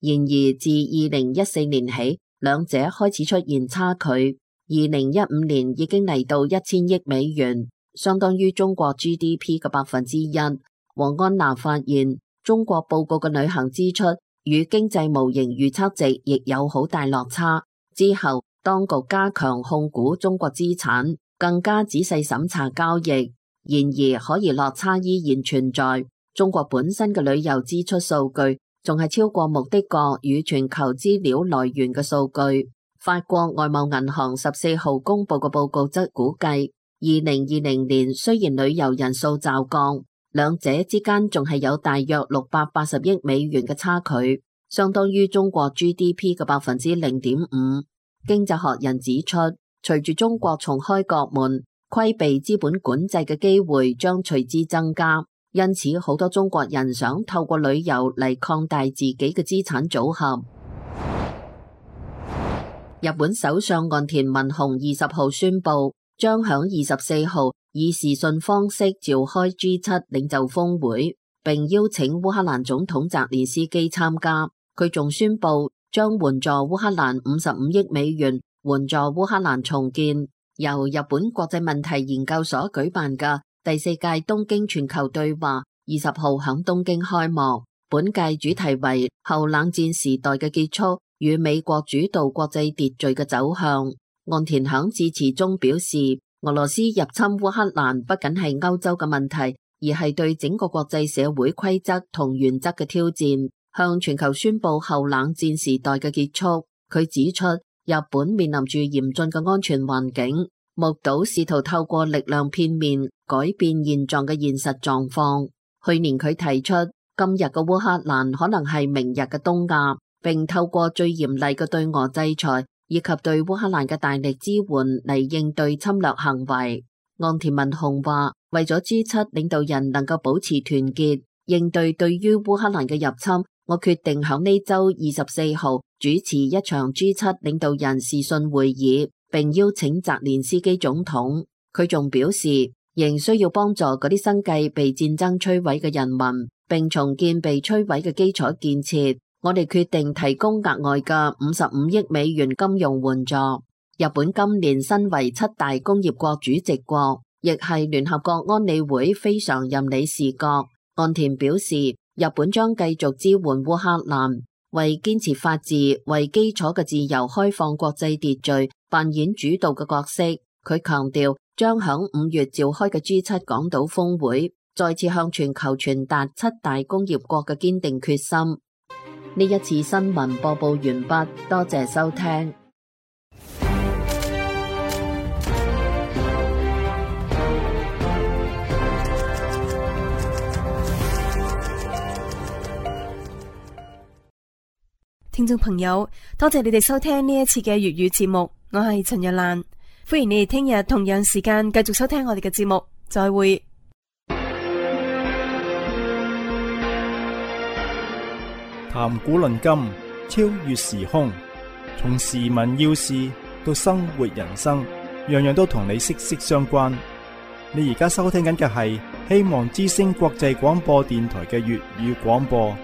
然而，自二零一四年起，兩者開始出現差距。二零一五年已經嚟到一千億美元，相當於中國 GDP 嘅百分之一。王安娜發現，中國報告嘅旅行支出與經濟模型預測值亦有好大落差。之後。當局加強控股中國資產，更加仔細審查交易。然而，可疑落差依然存在。中國本身嘅旅遊支出數據仲係超過目的國與全球資料來源嘅數據。法國外貿銀行十四號公佈嘅報告則估計，二零二零年雖然旅遊人數驟降，兩者之間仲係有大約六百八十億美元嘅差距，相當於中國 GDP 嘅百分之零點五。經濟學人指出，隨住中國重開國門，規避資本管制嘅機會將隨之增加，因此好多中國人想透過旅遊嚟擴大自己嘅資產組合。 日本首相岸田文雄二十號宣布，將響二十四號以視訊方式召開 G 七領袖峰會，並邀請烏克蘭總統澤連斯基參加。佢仲宣佈，將援助烏克蘭五十五億美元援助烏克蘭重建。由日本國際問題研究所舉辦嘅第四屆東京全球對話，二十號喺東京開幕。本屆主題為後冷戰時代嘅結束與美國主導國際秩序嘅走向。岸田喺致辭中表示，俄羅斯入侵烏克蘭不僅係歐洲嘅問題，而係對整個國際社會規則同原則嘅挑戰。向全球宣布後冷戰時代嘅結束。佢指出，日本面臨住嚴峻嘅安全環境，目睹試圖透過力量片面改變現狀嘅現實狀況。去年佢提出，今日嘅烏克蘭可能係明日嘅東亞，並透過最嚴厲嘅對俄制裁以及對烏克蘭嘅大力支援嚟應對侵略行為。岸田文雄話，為咗 G7 領導人能夠保持團結，應對對於烏克蘭嘅入侵。我決定喺呢周二十四號主持一場 G 七領導人視訊會議，並邀請澤連斯基總統。佢仲表示仍需要幫助嗰啲生計被戰爭摧毀嘅人民，並重建被摧毀嘅基礎建設。我哋決定提供額外嘅五十五億美元金融援助。日本今年身為七大工業國主席國，亦係聯合國安理會非常任理事國。岸田表示，日本將繼續支援烏克蘭，為堅持法治為基礎嘅自由開放國際秩序扮演主導嘅角色。佢強調，將響五月召開嘅 G7 港島峰會，再次向全球傳達七大工業國嘅堅定決心。呢一 次新聞播報完畢，多謝收聽。聽眾朋友，多謝你哋收聽呢一次嘅粵語節目，我係陳日蘭，歡迎你哋聽日同樣時間繼續收聽我哋嘅節目，再會。談古論今，超越時空，從時聞要事到生活人生，樣樣都同你息息相關。你而家收聽緊嘅係希望之聲國際廣播電台嘅粵語廣播。